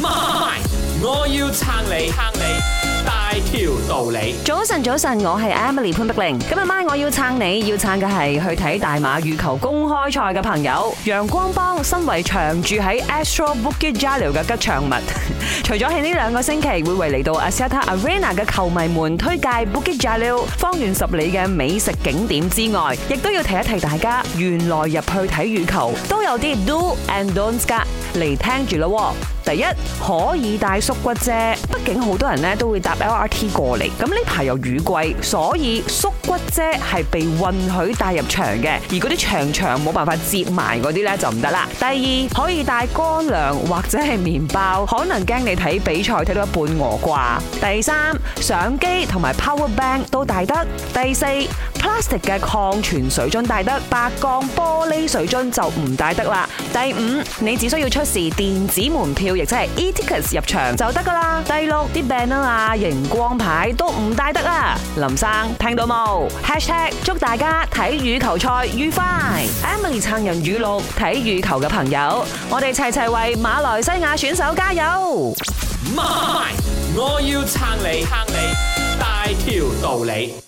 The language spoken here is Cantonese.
My, 我要撐你，撐你大條道理。早晨，早晨，我係 Emily 潘碧玲。今日 My 我要撐你，要撐嘅係去睇大馬羽球公開賽嘅朋友。楊光邦身為長住喺 Astro Bukit Jalil 嘅吉祥物，除咗喺呢兩個星期會為嚟到 Axiata Arena 嘅球迷們推介 Bukit Jalil 方圓十里嘅美食景點之外，亦都要提一提大家，原來入去睇羽球都有啲 Do and Don't 噶，嚟聽住咯。第一，可以帶縮骨遮，畢竟好多人咧都會搭 LRT 過嚟，咁呢排又雨季，所以縮骨。骨遮係被允許帶入場嘅，而嗰啲長長冇辦法接埋嗰啲呢，就唔得啦。第二可以帶乾糧或者係麵包，可能驚你睇比賽睇到一半餓啩。第三相機同埋 power bank 都帶得。第四 plastic 嘅礦泉水樽帶得，白鋼玻璃水樽就唔帶得啦。第五你只需要出示電子門票，亦即係 e tickets 入場就得噶啦。第六啲 band 啊、熒光牌都唔帶得啦。林生聽到冇？#hashtag 祝大家睇羽球賽愉快！Emily 撐人語錄，睇羽球嘅朋友，我哋齊齊為馬來西亞選手加油！我要撐你，撐你，大條道理。